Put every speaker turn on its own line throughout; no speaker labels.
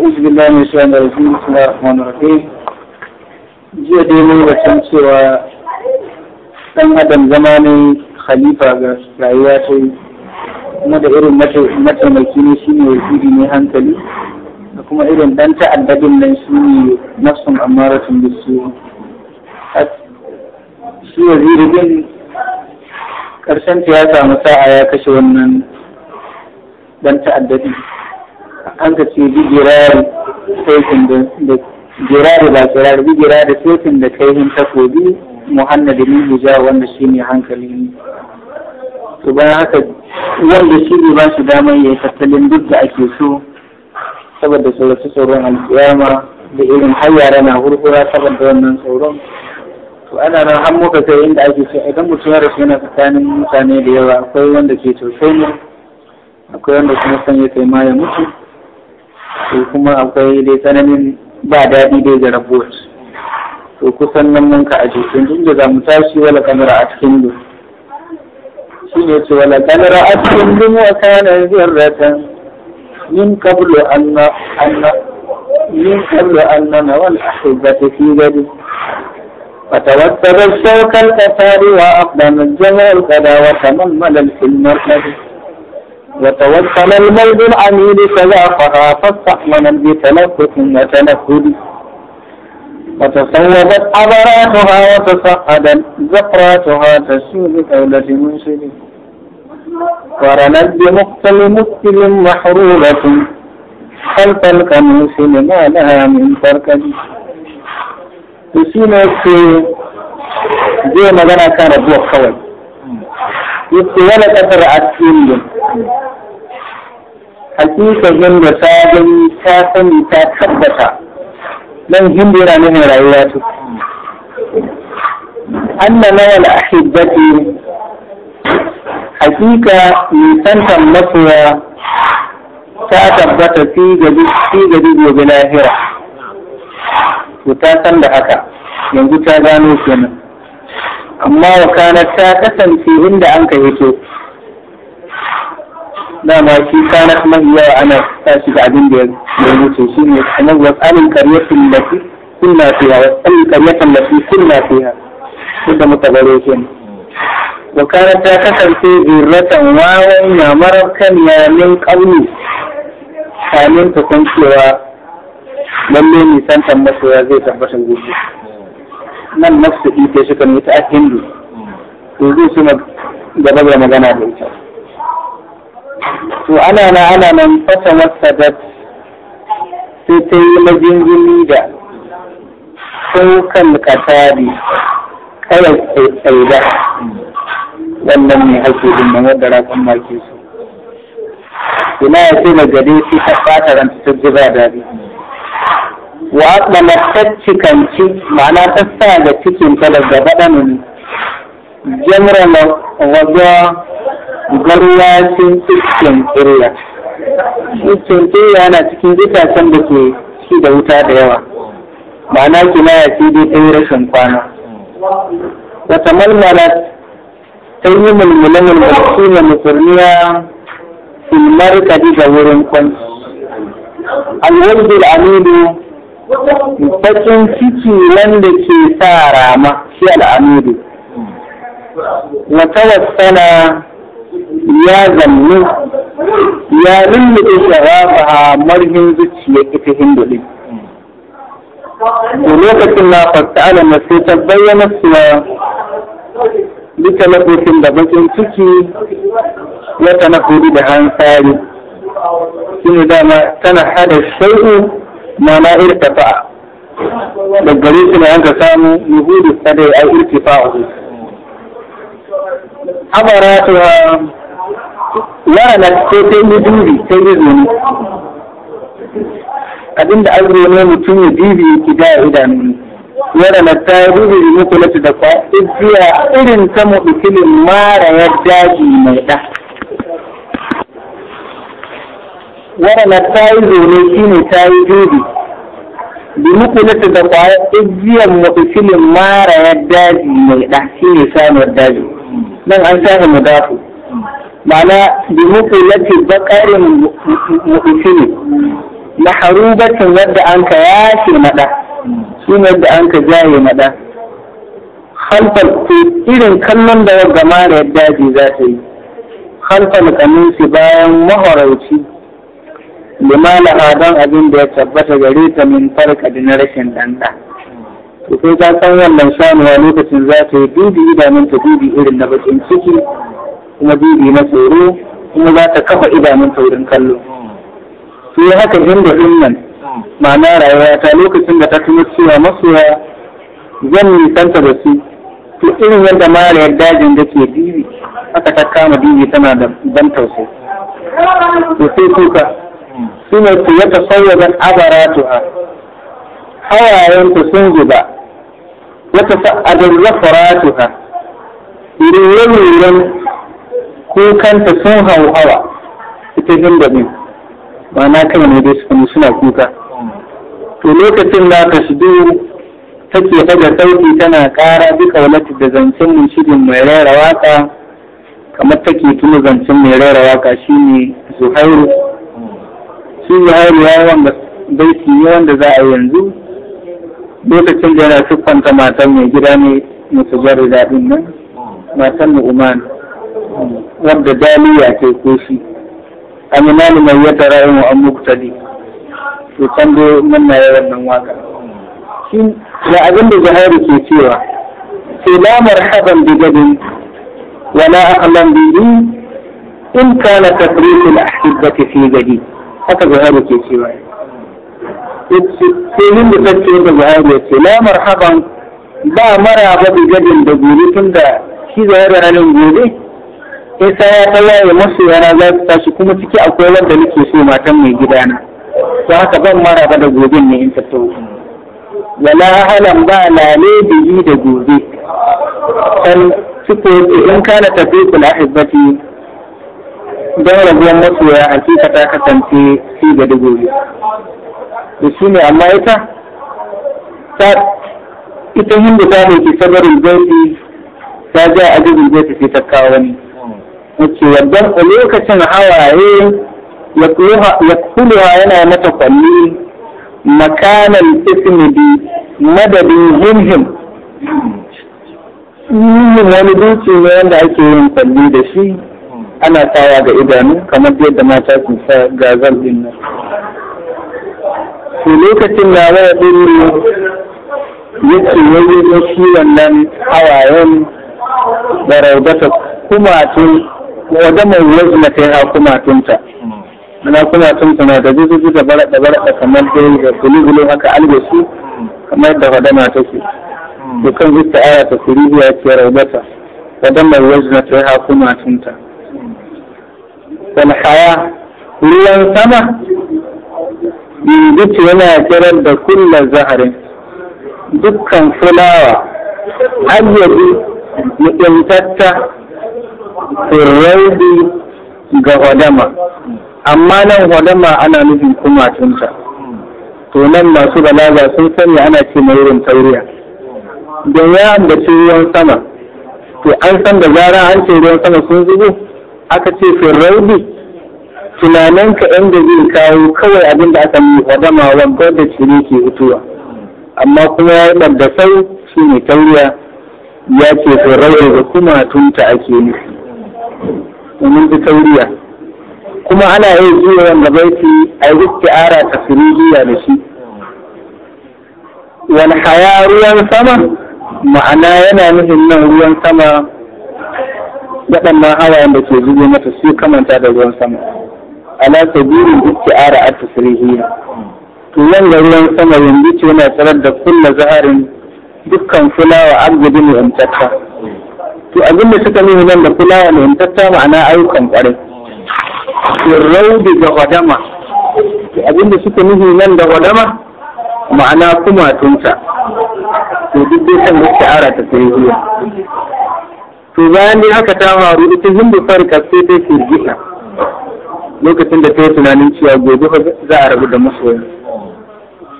أعوذ بالله من الشيطان الرجيم بسم الله الرحمن الرحيم jiya dai mun cewa ɗan adam zama ne khalifa ga rayuwa ta yi irin mataimaki ne shi ne wasiri ne hankali da kuma irin ɗan ta'addadin nan shi ne nafsun amaratun bisu shi wasiri din ƙarshen ta ya samu sa'a ya kashe wannan ɗan ta'addadin an ka ce bi girari da girari ba girari bi girari da kaihin takobi muhannadu min ja wanda shi ne hankali ne to bayan haka wanda shi ne ba shi damar ya yi tattalin duk da ake so saboda sauransu sauran alkiyama da irin har yara na hurhura saboda wannan sauran to ana nan har muka kai inda ake so idan mutum ya rasu yana tsakanin mutane da yawa akwai wanda ke tausayi ne akwai wanda kuma sanya ya kai ma ya mutu sai kuma akwai dai tsananin ba daɗi dai ga rabot to kusan nan mun ka aje tun jinja za mu tashi wala kamar a cikin du shi ne ce wala kamar a cikin du wa kana zirratan min qablu anna anna min qablu annana wal ta fi gadi فتوتر الشوك القتال وأقدم الجمع القدا وتممل filmar الذي وتوصل الميل العميل سلاقها فاستحملا بتنفس وتنفل وتصوبت عبراتها وتصعدت زفراتها تسير دولة المنشد ورنت بمقتل مقتل محرورة خلف الكنوس لما لها من تركد تسير في
magana لنا كانت kawai
yake wani kasar asirin hakika yadda ta gani ta sani ta tabbata nan hindu yana nuna rayuwa ta anna nawal ahibbati hakika nisantar masoya ta tabbata fi gadi gobe lahira to ta san da haka yanzu ta gano kenan amma wakana ta kasance inda an ka hito dama shi kana kuma iya ana tashi da abin da ya wuce shi ne kamar wasanin karyatin lati kunna fiha wasanin karyatin lati kunna fiha tunda muka gare shi ne wa kana ta kasance irratan wawan marar kan yamin kauni kamin ta san cewa lalle tambasa masoya zai tabbatar gobe nan nafsu ita shi kan yi a hindu to zai suna gaba da magana da ita to ana na ana nan fata wasadat sai ta yi majingini da saukan katari kawai tsaida wannan ne hake din nan wadda rakon maki su ina ya sai magade shi ta fata ranta ta jira da daɗi wa aɗana ta cikanci ma'ana ta sa ga cikin ta daga baɗanin jamra wajen garwacin cikin ƙirya cikin ƙirya yana cikin itacen da ke ci da wuta da yawa ma'ana kinaya ce dai ta rashin kwana wata malmala ta yi mulmulan mulmulci na musulmiya filmar ji da wurin kwanci
alwajir amidu
bakin ciki wanda ke sa rama shi al'amidu wata wasana ya zannu ya da sharafa a marhin zuciya ita hindu ɗin.
Da lokacin na
fasta ala sai ta bayyana suwa duka lafofin da bakin ciki
ya tana kuri da
hansari. Shi ne dama tana hada shai'u na na irtafa. Da gare shi ne an ka samu yuhudu sadai a fa'a. Abara ta ko sai ta yi dubi ta yi zuni abinda an ne mutum ya dubi ya ki daya idanu ne na ta yi dubi da mukulatu da kwa ijiya irin ta mara ya daji mai ɗa na ta yi zone shi ne ta yi dubi da mukulatu da kwa ijiyar mara ya daji mai ɗa shi ne samun daji don an samu mudafu ma'ana bi mukulati bakarin mu'isini na harubatin wadda an ka yashe maɗa shi wadda an ka jaye maɗa halfal ko irin kallon da wadda mara yadda ji za ta yi halfal kaminsu bayan mahorauci limala don abin da ya tabbata gare ta min farka da na rashin ɗanɗa to sai ta san wannan shanuwa lokacin za ta yi dubi idanun dubi irin na bakin ciki kuma bibi na tsoro kuma za ta kafa idanun taurin kallo su yi haka inda nan ma'ana rayuwa ta lokacin da ta tuno cewa masoya zan nisanta da su to irin yadda marayar dajin da ke bibi aka ta kama bibi tana da ban tausayi
to sai kuka
su ne su ya a hawayen hawayenta sun zuba wata sa'adar zafaratuha irin kukanta sun hauhawa ita jin daɗin na kai ne dai suka suna kuka to lokacin da aka shigo take daga sauki tana ƙara duka wani da zancen mai shirin mai rera waka kamar take tuna zancen mai rera waka ne zuhairu shi zuhairu ya wanda baiti ne wanda za a yanzu lokacin da yana siffanta matan mai gida ne mutu jari daɗin nan matan umarni. wanda daliya ke ko shi aminan mai yadda ra'ayin yin an muktadi to can dai nan na yawan nan waka shi da abin da jihari ke cewa sai la marhaban bi wa wala ahlan bihi in kana tafriqul ahibbati fi gadi haka jihari ke cewa sai yin da tafiye da jihari ce la marhaban ba maraba bi gadin da gobe da shi zahiri ranar gobe isa ya masu masoyana za su tashi kuma ciki akwai wanda nake so matan mai gidana to haka ban maraba da gobe ne in ta wala halan ba na ne da yi da gobe san suko in kana tafi kula hibbati don rabuwar masoya hakika ta kasance fi da gobe da shi ne amma ita ta ita hindu ta mai ke sabarin zaiti ta ja a jirgin zai sai ta kawo wani yake yadda a lokacin hawaye ya kuluwa yana mata kwalli makanan ismidi madadin himhim yin wani duki ne wanda ake yin kwalli da shi ana tawa ga idanu kamar yadda mata ke sa gazal din nan to lokacin na waya din ne yake yayi shi wannan hawayen da raudata kuma tun wa damar wajen na kai hakumatunta mana tunta na da zuzuzu da bara da bara kamar dai da gulugulu haka albasu kamar da ta take Dukkan zuta aya ta kuribiya ce raubata wa damar wajen na kai tunta wani haya ruwan sama yindutu yana kirar da kulla zaharin dukkan fulawa hanyar mutuntatta firraudi ga hodama amma nan hodama ana nufin kumatunta to nan masu balaga sun sani ana ce mai irin tauriya don ya ce ruwan sama to an san da zara an ce ruwan sama sun zubo aka ce firraudi tunaninka da zai kawo kawai abin da aka yi hodama wanda da ne ke hutuwa amma kuma ya yi sau shi ne tauriya ya ce firraudi ga kumatunta ake nufi domin bi kuma ana yin zuwa wanda baiti a yi ara ta fiririya da shi wani haya ruwan sama ma'ana yana nufin nan ruwan sama waɗannan hawayen da ke zubo mata su kamanta da ruwan sama ala sabirin isti'ara a tasirihiyya to yan ga ruwan sama yanzu ce yana tsarar da kulla zaharin dukkan fulawa abgudin yantakka to abin da suka nuna nan da kula da tatta ma'ana ayyukan kwarai firraudi da wadama abin da suka nuna nan da wadama ma'ana kuma tunta to duk dai san gaske ara ta sai zuwa to bayan dai haka ta faru ita hindu farka sai ta firgita lokacin da ta yi tunanin cewa gobe za a rabu da masoya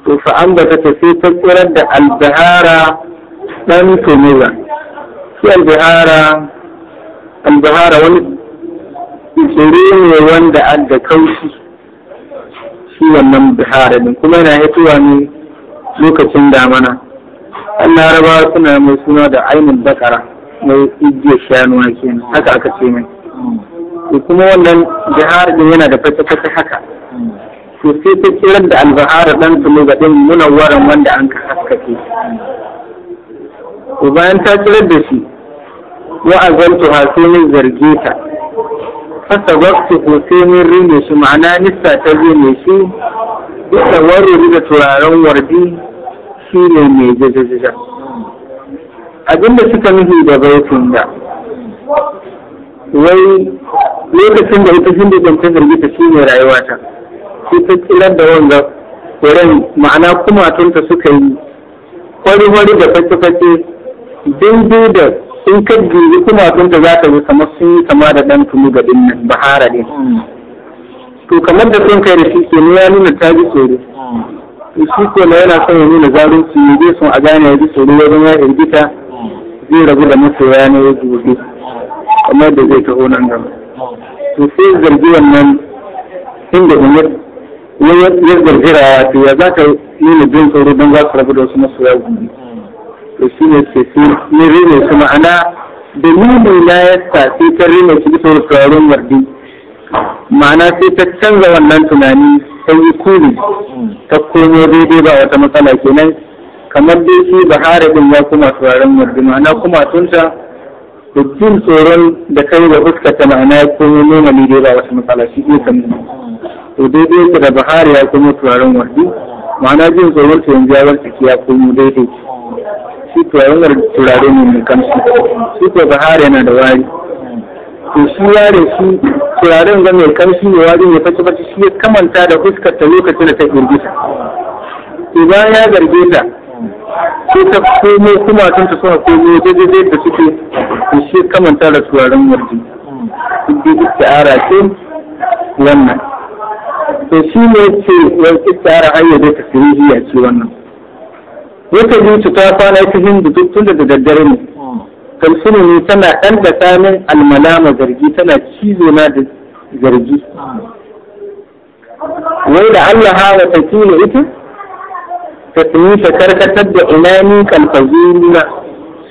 to fa an ba ta sai ta tsirar da albahara ɗan tumura shi albihara albihara wani tsoro ne wanda an da kaushi shi wannan bihara din kuma yana hitowa ne lokacin damana an larabawa suna mai suna da ainihin bakara mai igiyar shanuwa kenan haka aka ce mai kuma wannan bihara din yana da fata-fata haka to sai ta kirar da albahara dan tulu ga ɗin munawwaran wanda an ka haskake to bayan ta kirar da shi wa azantu ha sai min zarge ta fasa sai min rine ma'ana nista ta rine shi duka waruri da turaren wardi shi ne mai jajajaja abinda suka nufi da baitin da wai lokacin da ita hindi ta zargi ta shi ne rayuwata shi ta kilar da wanda wurin ma'ana kuma kumatunta suka yi kwari-kwari da fake-fake daidai da in ka dubi kuma tunta za ka yi kamar sun yi kama da ɗan tunu ga ɗin nan bahara ne to kamar da sun kai da shi ke ya nuna ta ji tsoro shi ko na yana son ya nuna zarunci ne je son a gane ya ji tsoro wajen ya irgita zai rabu da ya ne ya zuwa kamar da zai taho nan gaba to sai zargi wannan inda umar ya zargi rawa to ya za ka nuna jin tsoro don za su rabu da wasu masoya gobe to shi ne ce su rene su ma'ana dalili na ya sa sai ta rene shi bisa sauraron wardi ma'ana sai ta canza wannan tunani ta yi kuni ta komo daidai ba wata matsala kenan kamar dai shi bahara din ya kuma tsoron wardi ma'ana kuma tunta da jin tsoron da kai da fuska ta ma'ana ya komo noma ne dai ba wata matsala shi ne kan to daidai da bahari ya komo tsoron wardi ma'ana jin tsoron ta yanzu ya bar ya komo daidai shi turaren turare ne mai kamshi shi ko bahara yana da wari to shi ware shi turaren ga mai kamshi ne wari ne faci faci shi ya kamanta da fuskar ta lokacin da ta girgisa to bayan ya zarge ta sai ta komo kuma tun ta suna komo daidai da suke to shi ya kamanta da turaren warji duk da istiara ce wannan to shi ne ce wani istiara ayyade ta sirriya ce wannan yake jin ta kwana ta hindu duk tun daga daddare ne ne tana ɗan da samun almalama zargi tana cizo na da zargi
wai da Allah hawa
ta kila ita ta tuni ta karkatar da inani na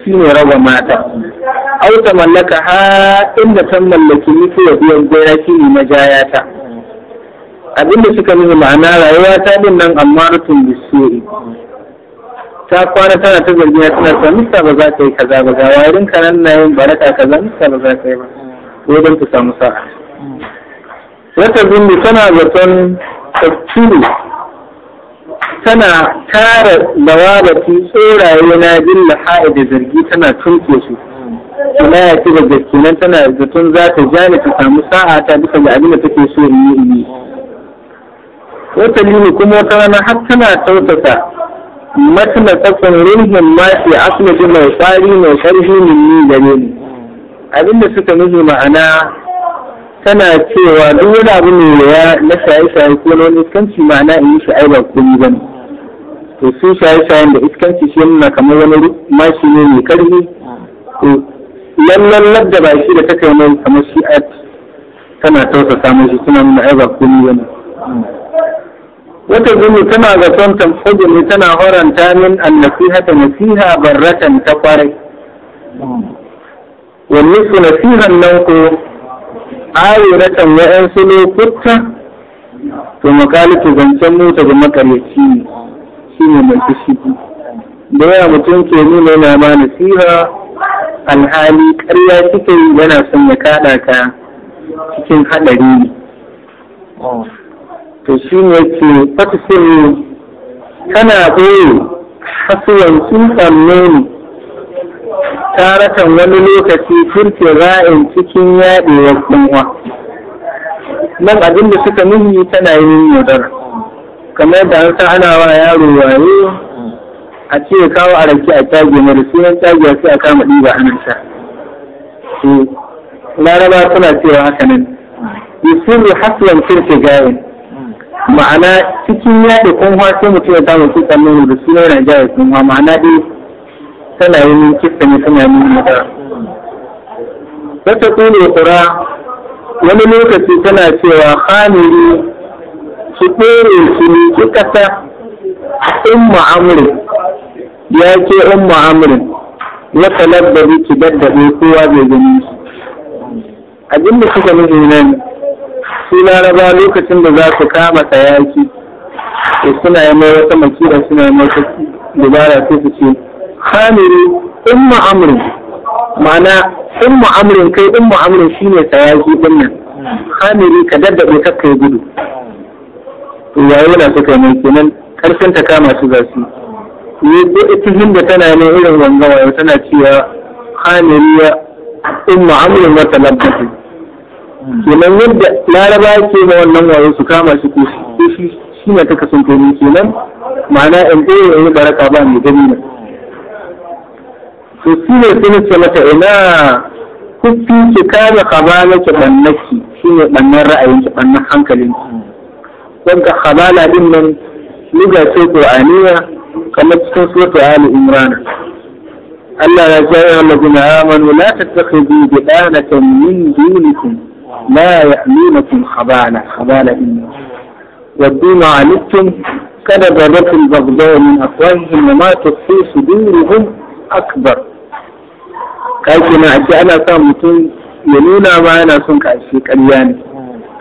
shi ne raba mata au ta mallaka ha inda ta mallaki mutu ya biyan gora shi ne ta abinda suka nuna ma'ana rayuwa ta din nan amma rutun bisiyoyi ta kwana tana ta zargi ya tana son mista ba za ta yi kaza ba ga wayarin ka nan na yin baraka kaza mista ba za ta yi ba ko don ta samu sa'a wata zumbi tana zaton tafsiru tana tara lawalati tsoraye na bin laha'i da zargi tana tunke su ina ya ce da gaskinan tana zaton za ta ja ta samu sa'a ta bisa ga abin da take so in yi wata lini kuma wata rana har tana tautata matna tsatsan ruhin ma fi asli mai tsari mai karfi min ni gare ni abinda suka nufi ma'ana tana cewa duk wani abu ne ya na shaye-shaye ko na wani iskanci ma'ana in yi shi ai ba kuli ba ne to su shaye-shayen da iskanci shi yana kamar wani mashi ne mai karfi to lallan ladda ba shi da ta kai mai kamar shi tana tausasa mashi suna nuna ai ba kuli ba ne wata gini tana son tamfaji ne tana horanta min annasiha ta nasiha barratan ta kwarai wani su nasihan nan ko ayyuratan wa'yansu lokuta to makalitu zancen mota ga makareci shi ne mai fushi da mutum ke nuna yana ma nasiha alhali karya kike yana son ya kaɗa ka cikin haɗari ne to shi ne ke fatisiri kana ɓoye hasuwan sun tsammani tarakan wani lokaci turke ra'in cikin wa kuma nan abinda suka nuhi tana yin yaudar kamar da an ana wa yaro waye a ce kawo a rake a caji mara sunan tage a sai a kama ɗiba a nasha to laraba suna cewa haka nan yusiru hasuwan turke ra'in ma'ana cikin yaɗe kunwa sai mutum ya samu kitsan nono da sunan Najeriya kunwa ma'ana dai tana yin kitsan ne tana yin da Wata tsoro tsara wani lokaci tana cewa hamiri su ɗore ne ki ta in ma'amuri ya ce in ma'amuri ya labari ki daddaɗe kowa zai gani. Abin da suka nufi nan su laraba lokacin da za su kama tsayaki to suna yi mai wata makira suna yi mai dubara sai su ce hamiru in ma'amurin ma'ana in ma'amurin kai in ma'amurin shine tsayaki din nan hamiru ka daddabe kakka ya gudu to yayi wala suka mai kenan karfin ta kama su za su yi da ita hinda tana ne irin wangawa tana cewa hamiru ya in ma'amurin wata labbatu kenan yadda laraba ke ma wannan wayo su kama shi ko shi shi ne kaka sun komi kenan ma'ana in ɗaya ya yi baraka ba mai gani ne to shi ne sun ce mata ina kufi ki kama kabala ki ɓannaki shi ne ɓannan ra'ayin ki ɓannan hankalin ki wanda kabala ɗin nan liga ce aniya kamar cikin suratul ali imran Allah ya ce ya lagu amanu la tattakhidhu bi'anatan min dunikum لا يأمينكم خبالة خبالة إنه ودوا ما عنتم كذا بدت البغضاء من أفواههم وما تخفي صدورهم أكبر
كيف ما
أنا سامتون يلونا ما أنا سنك أشي كرياني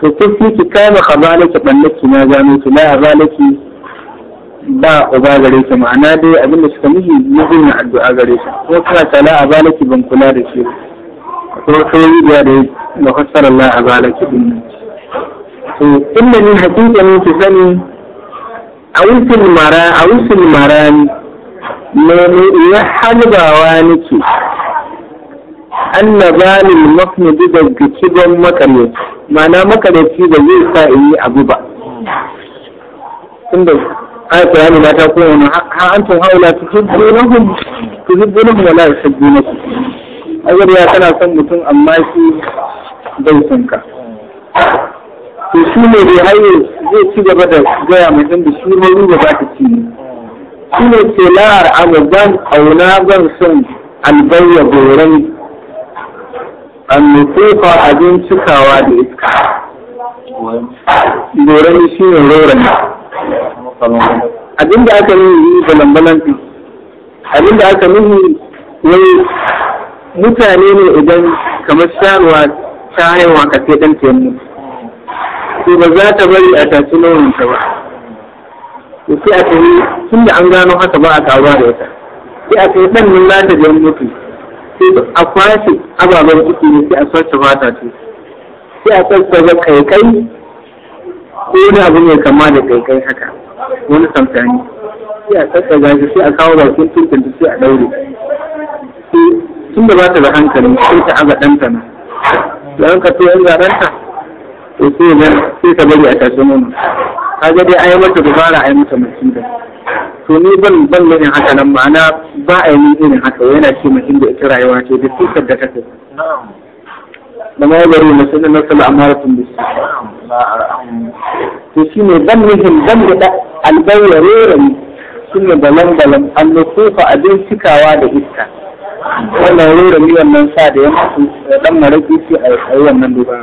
تكفي كتاب خبالة بلك ما جانوت لا أبالك ba uba gare shi ma'ana dai abinda suka miji mijin na addu'a gare shi ko kana tala a balaki ban kula da shi ko sai da da da fassar Allah a zalaki to inda ni hakika ne ki sani a wusul mara a wusul mara ne ne ya halbawa nake anna zalil mafnudu da gidan makaryaci ma'ana makaryaci ba zai sa in yi abu ba tunda aiki ya nuna ta kowane ha antum haula tuhibbunahum tuhibbunahum wa na su. ya tana son mutum amma shi bai son ka to shi ne bai haye zai ci gaba da gaya mai ɗan da shi yi da za ka ci shi ne ke la'ar amurban auna zan son albayya goron annufufa abin cikawa da iska goron shi ne roran abin da aka nuhi da lambalan abin da aka nuhi wai mutane ne idan kamar sharuwa ta haihuwa ka sai ɗan taimu to ba za ta bari a tafi nauyinta ba to sai a tafi tun da an gano haka ba a karuwa da wata sai a tafi ɗan nan ta da mutu sai a kwashe ababen ciki ne sai a sace fata ce sai a sace kai kai ko wani abu mai kama da kai kai haka wani samtani sai a sace gashi sai a kawo bakin tuntun sai a ɗaure tun da ba ta da hankali sai ta aza ɗanta na da an ka tuwa ga to sai ne sai ta bari a tashi nono ga dai ai mata dubara ai mata masida to ni ban ban irin haka nan ma'ana ba a yi irin haka yana ce mutum da ita rayuwa ce da sukar da kake da ma bari na sanin na sala amaratun bisu to shi ne ban nihin ban da albayyarerin shi ne balan balan annufufa abin cikawa da iska wannan rura mi wannan sa da ya masu dan maraki ce a yi wannan duba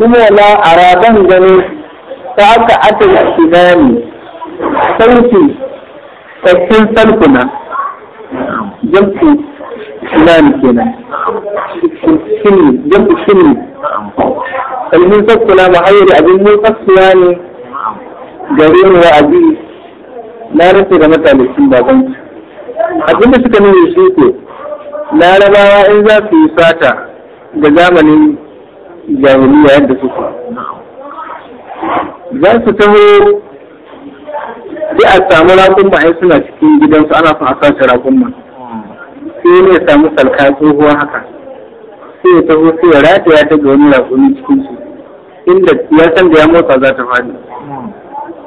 kuma la araban gani ta aka aka shinani sauki sakin salkuna jamfi shinani kenan shinni jamfi shinni kalmin ba mahayyar abin mun na ne ne wa abin na rasa da matalisin babanci abin da suka nuna shi ke larabawa in za su yi sata da zamanin jahiliya yadda suka. za su taho sai a samu rakunma ai suna cikin gidansu ana son a sace ba sai ne ya samu salka tsohuwa haka sai ya taho sai ya rataya ya ga wani rakuni cikin su inda ya san da ya motsa za ta faɗi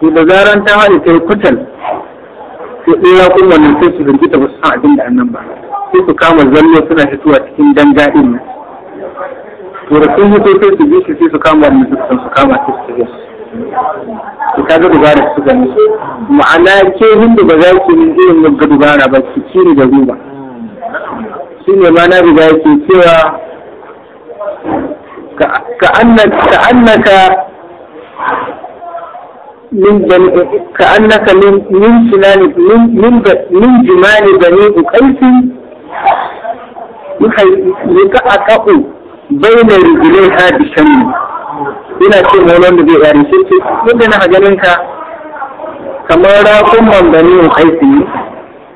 to da zaran ta faɗi ta yi kutal sai ɗaya rakunma ne sai su rinjita ba su san abin da annan ba sai su kama zallo suna fitowa cikin danga din nan to da sun hito sai su bi sai su kama wani dukkan su kama su su
su kaga dubara su
gani ma'ana ke hindu ba za ki min irin wagga dubara ba ki kiri da ruba shi ne ma na riga yake cewa ka annaka min بني min من من من muka a kaɓo bai na rigilai ha da shanmu ina ce molon wanda zai yare shi ce yadda na ganin ka kamar rakun mambanin aiki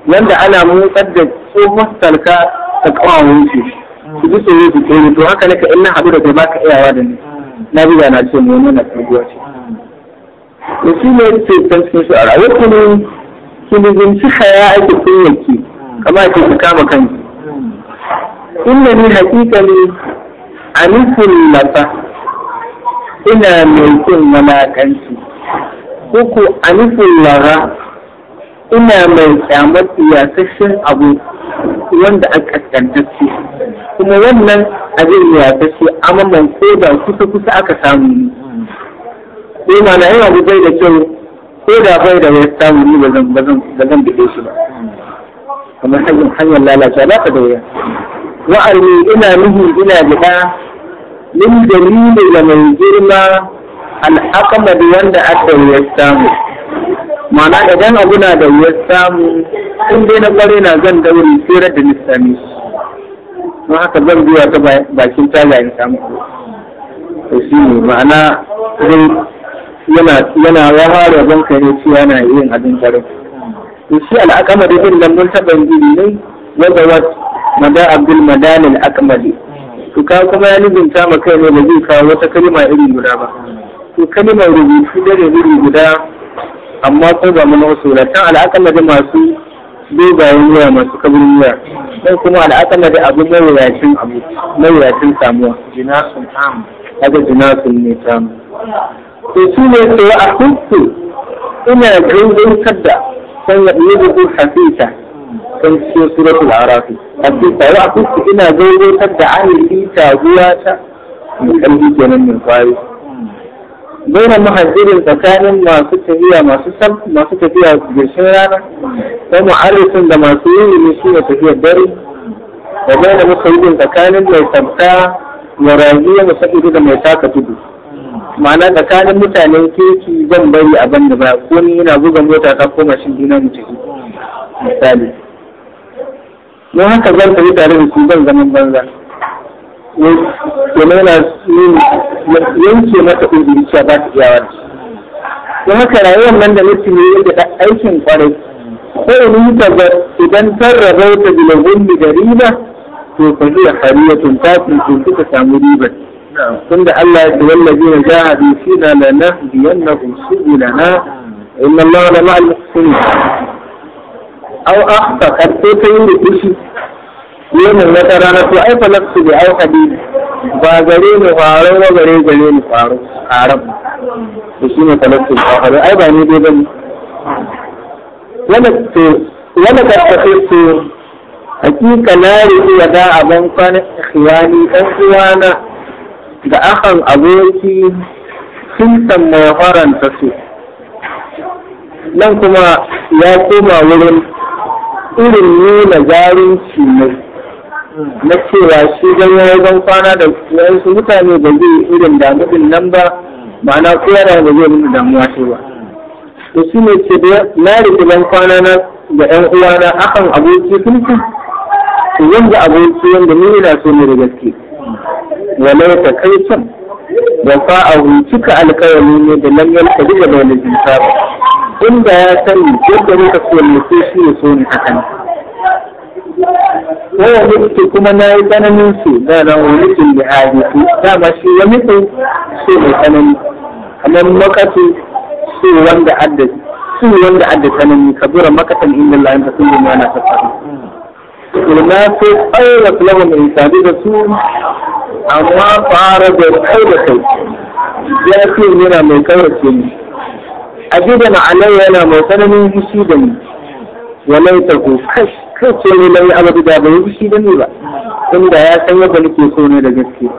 wanda ana motsar da tsohon talka ta ƙawawun shi su ji tsoro su tsoro to haka naka in na haɗu da kai baka iyawa da ni na buga na ce mu molon na tsirguwa ce da shi ne ce san su a rayuwar kuma ki ne zinci haya ake kunyaki kama ce su kama kan inna ni hakika ne nufin lafa ina mai kin walakanci uku nufin lara ina mai kyamar iyasashen abu wanda a kaskantacce kuma wannan abin iyasashe amaman ko da kusa-kusa aka samu ne sai mana yana da kyau ko da bai da ya samu ni ba zan bude shi ba kamar hanyar lalacewa ba ka dauya wuya ina nuhu ina bida min dalilin da mai girma alhakama da wanda aka yi samu
ma'ana idan
abu na da yi samu in dai na kware na zan daure tsere da nisami don haka zan biya ta bakin tagayen samu to shi ne ma'ana yana yana ya fara zan kai ne cewa na yin abin karin shi al'akamari din nan mun taɓa yi ne wanda wat mada abdul madanin akamari to ka kuma ya lizinta ma kai ne ba zai kawo wata kalima iri guda ba to kalimar rubutu da iri guda amma ko ba mu na usula tan al'akamari masu dogayen wuya masu kabirin wuya sai kuma al'akala da abu mawuyacin abu mawuyacin samuwa jinasun am kaga jinasun ne tamu
to su ne su
a hutu ina gaidantar da kan ya iya da zuwa hafisa kan ciyo da harafi. hafisa ya kusa ina zai da ahiri ta ruwa ta mai kalli kenan min kwari bayan muhajirin tsakanin masu tafiya masu sam masu tafiya gashin rana ko mu'arifin da masu yi ne shi ne tafiyar dare da yi muhajirin tsakanin mai tabta ya rayu ya musa da mai taka tudu ma'ana tsakanin mutanen kirki zan bari a banda ba ko ni yana buga mota ta ko mashin dina mu tafi misali Mun haka zan tafi tare da su zan zaman banza
domin
yana yanke mata uzuri cewa ba ta iyawa don haka rayuwar nan da mutum ya yi da aikin kwarai ko ta ga idan ta rabauta da lagun da riba to fa zai hariyatun ta tuntu suka samu ribar da Allah ya ce wallazina jahadu fina lanahdiyannahum na inna ma la ma'al muhsinin aw akhta karto ta yi da kishi yemin wata rana to ai fa nafsu bi aw hadidi ba gare ne faro ba gare gare ne faro arab to shine fa nafsu ba faro ai ba ni dai bane wala to wala ka tafisu hakika na riƙi da abin kwanan ikhwani ɗan uwana da akan aboki sun mai haranta su nan kuma ya koma wurin irin nuna zarunci ne na cewa shi ya wajen kwana da wasu mutane ba zai irin damuɗin nan ba ma'ana ko da ba zai nuna damuwa shi ba to shi ne ce da na rikilan kwana na da ƴan uwana akan aboki sun fi
yanzu aboki
wanda ni ina so ne da gaske
walau ta kai sun da
fa'ahu cika alkawari ne da nan yanka da wani jinta ba inda ya sani yadda muka so ne ko shi ya so ni hakan
waya mutu
kuma na yi tsananin su da rahoton da hadisi dama shi ya mutu so mai tsanani kamar makatu so wanda adda su wanda adda tsanani zura makatan inda ta sun da na fasara. Ilma sai tsawon wasu lahun da su
amma fara da kai da kai ya
ce yana mai kaurace ni a na alai yana mai tsananin fushi da ni walai ta ku kai ce ne lai abu da bai fushi da ni ba inda ya san yadda nake so ne da gaske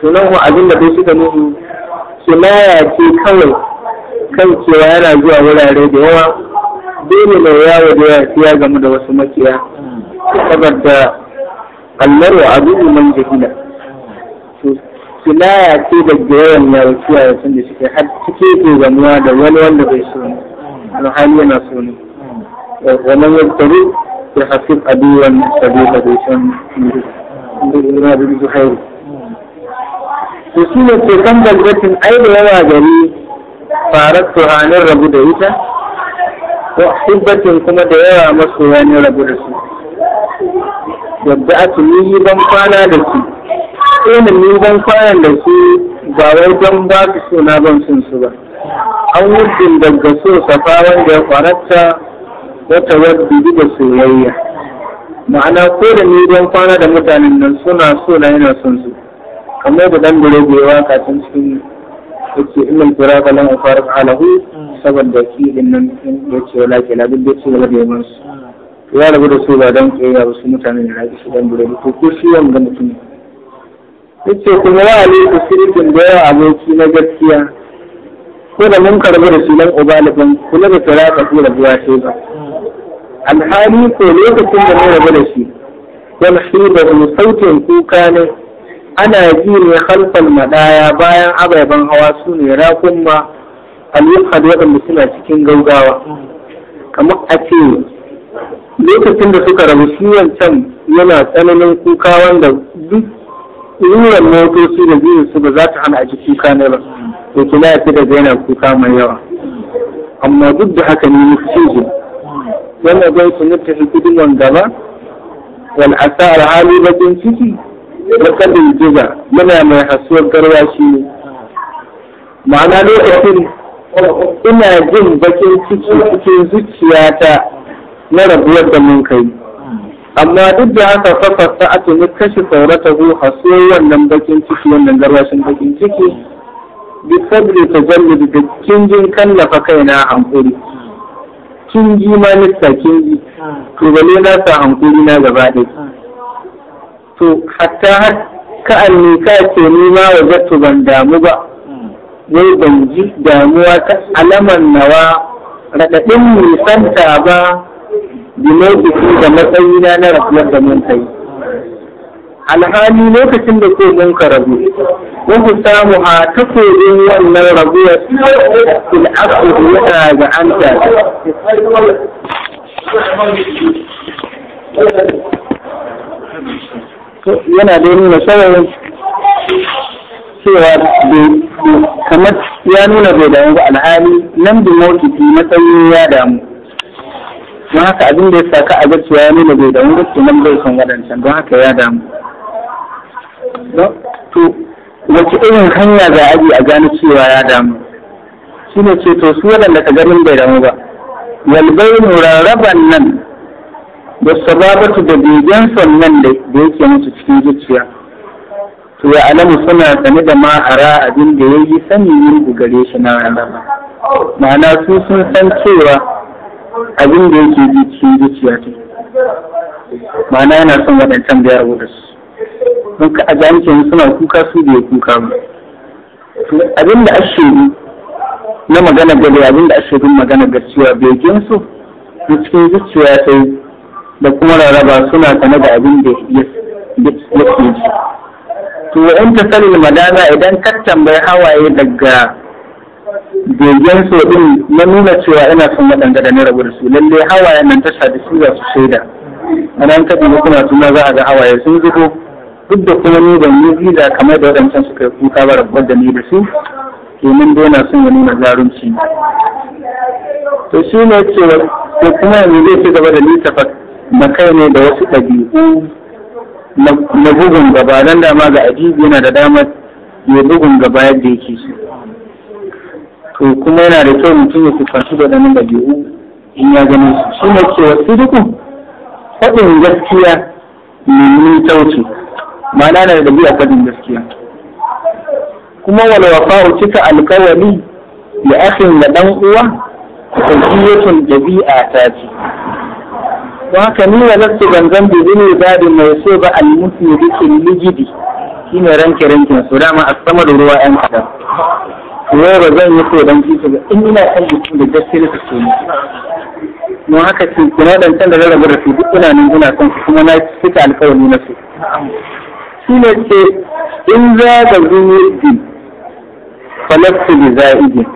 sunan ku abin da bai shiga nuhu kinaya ce kawai
kan cewa yana zuwa wurare da yawa
dole mai yawo da yawa ya gamu da wasu makiya saboda almaru a duhu man jahila kinaya ce daga yawan yawanciya ya sun da suke har cike ke ganuwa da wani wanda bai so ne hali yana so ne wannan ya tsaro ya hafi aduwan sabila da san yana da bisu hairu to shi ne ce kan dalgatin ai da yawa gari farar tuhanin rabu da ita ko hibbatin kuma da yawa masoya wani rabu da su yadda aka yi ban kwana da su ina ni ban kwana da su ba wai don ba su so na ban sun su ba an wujin daga so safa wanda ya wata wadda da soyayya ma'ana ko da ni ban kwana da mutanen nan suna so na yana son su kamar da dan gure da yawa tun cikin yake ilmin firaka a fara alahu saboda kilin nan yake wala ke labin da ce wala da ya rabu da su ba don ƙiyayya ba su mutane da raƙi su don burodi ko ko shi wanda mutum yace kuma wa ku sirkin da yawa aboki na gaskiya ko da mun karbi da sunan ubalibin kula da tsara ku da buwa sai ba alhali ko lokacin da mun rabu da shi da hibahu sautin kuka ne ana ji ne halfal madaya bayan ababen hawa su ne raƙumma al-yuhad waɗanda suna cikin gaugawa kamar a ce lokacin da suka rabu shi can yana tsananin kuka wanda duk ruwan motoci da biyu su ba za ta hana a kuka ne ba to kina ya fi da yana kuka mai yawa amma duk da haka ne ya fi ji wannan zai ku nufi hikidin wangaba wal asar hali bakin ciki da kada jiga yana mai hasuwar shi ne ma'ana lokacin ina jin bakin ciki cikin zuciyata na rabuwar da mun kai amma duk da haka fafa sa'atu ne kashe saurata zo haso wannan bakin ciki wannan garwashin bakin ciki sabbi ta jalli da kinjin kallafa kaina hankuri kinji ma nista kinji to bale na sa hankuri na gaba ɗaya to hatta ka ne ka ce ni ma zato ban damu ba wai ban ji damuwa ta alaman nawa raɗaɗin nisanta ba bilaiki da matsayina na rasuwar da mun kai alhali lokacin da ke mun ka rabu wasu samu a ta wannan rabuwar fil asu yana ga an ta yana da nuna shawarar cewa kamar ya nuna bai damu ba alhali nan da mawuki matsayin ya damu don haka abin da ya saka a gaskiya ya nuna bai damu gaske nan bai son waɗancan don haka ya damu to wace irin hanya za a bi a gane cewa ya damu shi ce to su waɗanda ka ganin bai damu ba mu rarraban nan da sababatu da son nan da yake musu cikin zuciya to ya alamu suna sani da mahara abin da ya yi sani yin gare shi na rarraba ma'ana su sun san cewa
abin da yake ji
cikin zuciya ta ma'ana yana son waɗancan biyar wadda su don ka aji hankin suna kuka su da ya kuka ba abin da ashebi na magana gari abin da ashebin magana gaskiya begin su da cikin zuciya ta yi da kuma rarraba suna sane da abin da ya ke ji to in ta sani madana idan ka tambayi hawaye daga begen so din na nuna cewa ina son waɗanda da na rabu da su lalle hawaye nan ta shaɗi su za su shaida a nan ka dubi tuna za a ga hawaye sun zubo duk da kuma ni ban yi visa kamar da waɗancan su yi kuka ba rabuwar da ni da su domin dai na son ya nuna zarunci
to shi ne cewa
ko kuma ne zai ci gaba da littafa na kai ne da wasu ɗabi'u na bugun gaba nan da ma ga ajibi yana da damar
ya bugun gaba yadda yake so
to kuma yana da kyau mutum ya siffanci da ɗanin ɗabi'u in ya gani su shi ne ke wasu dukun faɗin gaskiya nemin tauci ma'ana na da ɗabi'a faɗin gaskiya kuma walwafa'u cika alkawari da akin da ɗan uwa tafiyatun ɗabi'a ta ce don haka ni wa lasu gangan da ne zaɗi mai so ba a da ke ligidi shine ranke ranke su dama a samar ruwa 'yan adam. wai ba zan yi koran jiki ba in ina son mutum da gaskiya da su ne mu haka ce kuma dan can da rarraba da su duk ina nan ina son su kuma na fita alƙawari na su shi ne ce in za ga zuwa ji falafta da za a za'idi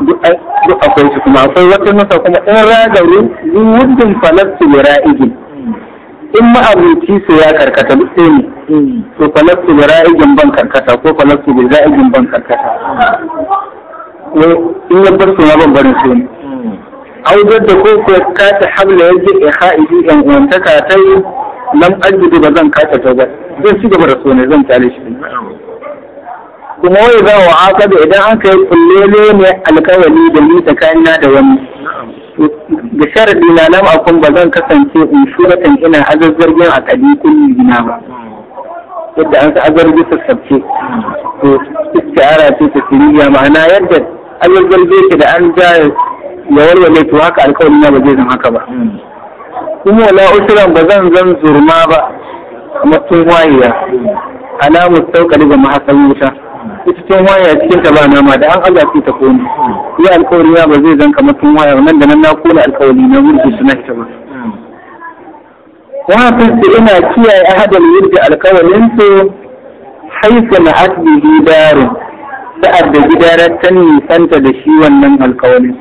duk akwai su kuma akwai wata nasa kuma in ra ragaru zuwa wuddin falafta da ra'idi in ma'abuci su ya karkata duk sai ne to falastu da ra'ijin ban karkata ko falastu da ra'ijin ban karkata in ya bar su ma ban barin su ne auzar da ko ko ka hamla yake yaje e kha'iji yan uwantaka ta yi ajidu ba zan kata ta ba zan ci gaba da su ne zan tale shi kuma wai za wa da idan an kai kullele ne alkawali da ni tsakanina da wani da dina na lam akun ba zan kasance in shuratan ina azazzargin a kadi kulli gina ba yadda an sa azargi sabce to istiara ce ta siriya ma'ana yadda azazzarge ke da an ja ya warware to haka alƙawarin na ba zai zama haka ba kuma wala usran ba zan zan zurma ba a tun wayewa alamu sauƙari ga mahasan wuta ita tun waya cikin ta ba nama da an Allah sai ta komi ya alkawari ya ba zai zan kamar tun waya nan da nan na kula alkawari na wurfi su na ba wa fasta ina kiyaye ahadal wurfi alkawarin su haifa na asbihi darin sa'ad da gidarar ta nisanta da shi wannan alkawarin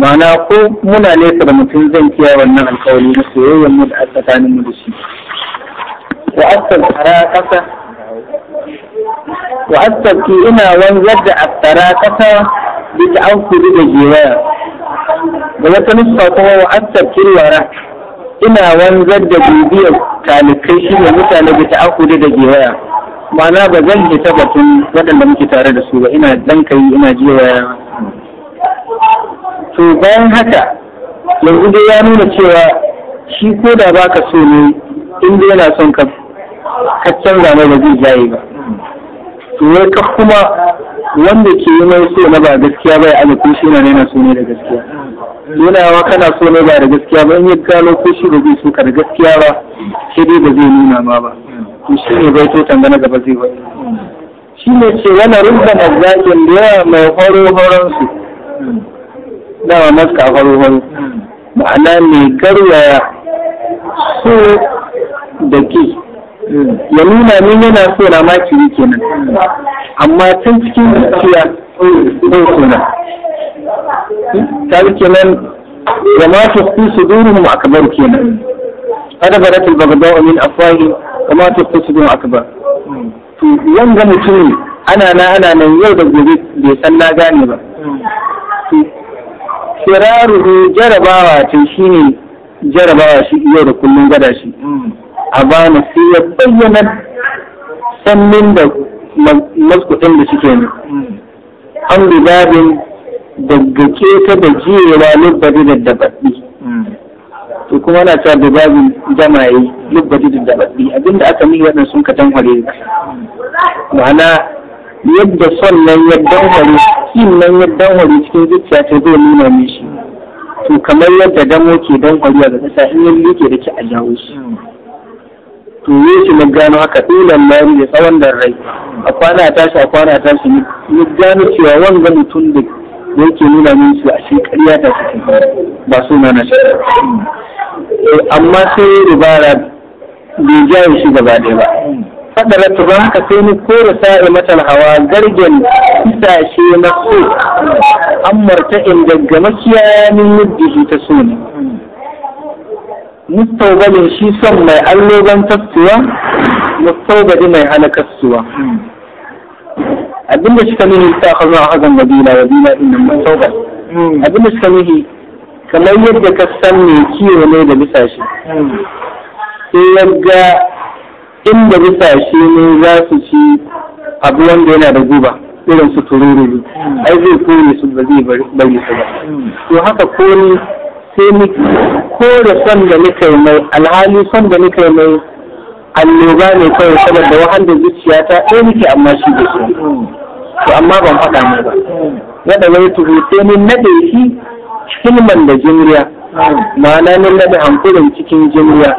ma'ana ko muna nesa da mutum zan kiyaye wannan alkawari na soyayyar mu da tsakanin mu da shi wa asal ara kasa wa astaki ina wanzar da astara kasa da ta auku da gewaya da wata nufa kuma wa astaki wara ina wanzar da bibiyar kai shi ne mutane da ta auku da gewaya ma'ana ba zan yi tabbatun waɗanda muke tare da su ba ina dan kai ina jiwa to bayan haka yanzu dai ya nuna cewa shi ko da baka so ne inda yana son ka ka canza mai ba zai jaye ba wai ka kuma wanda ke yi mai so na ba gaskiya ba ya alaƙi shi na nuna so ne da gaskiya nunawa kana so ne ba da gaskiya ba in ya gano ko shi ba zai so da gaskiya ba shi dai ba zai nuna ma ba to shi ne bai to tangana gaba zai ba shi ne ce wani na zaƙin da yawa mai horo horon su dama maska horo horo ma'ana mai garwaya so da ke ya nuna ni yana so na makiri kenan amma can cikin zuciya bai so na tabi kenan wa ma tukhfi suduruhum akbar kenan adabarat al-baghdha min afwahi wa ma tukhfi suduruhum akbar to wanda mutum ana na ana nan yau da gobe bai san na gane ba Shiraruhu jarabawa ce shine jarabawa shi yau da kullum gada shi a bani sai ya bayyana sannin da maskudin da suke ne an rigabin daga keta da jiyewa lubbadi da dabaɗi. to kuma na cewa dubabin jama'i lubbadi da dabaɗi abinda aka mi waɗin sun ka tankware ma'ana yadda son nan ya hore, kin nan ya hore cikin zuciya ta zai nuna mishi to kamar yadda damo ke a ga ƙasa in ya like da ki a jawo shi to shi na gano haka ilan lari da tsawon da rai a kwana tashi a kwana tashi ni gano cewa wanga mutum da yake nuna min su a shekariya ta su
ba su na na amma sai ribara
bai jaye shi gaba ɗaya ba fadarar ba haka sai ni kore sa'i matan hawa gargen isashe na so an marta inda ga makiyaya min yadda ta so ne mustaubalin shi son mai alloban tafsuwa mustaubali mai halakastuwa abinda shi nuhi ta kazo a hazan wabila dina inda mustaubal hmm. abinda shi nuhi kamar yadda ka san ne kiwo ne da bisa shi hmm. sai yadda inda bisa shi ne za su ci abu wanda yana da guba irin su tururu hmm. ai zai kone su ba zai bari su ba to haka ko ni sai ni da son da nika mai alhali son da nika mai annoba ne kawai saboda wahalar zuciya ta ɗaya nike amma shi da shi
to amma ban faɗa ne ba
yadda na yi tuhu sai ni nade shi hilman da jimriya ma'ana ni nade hankulin cikin jimriya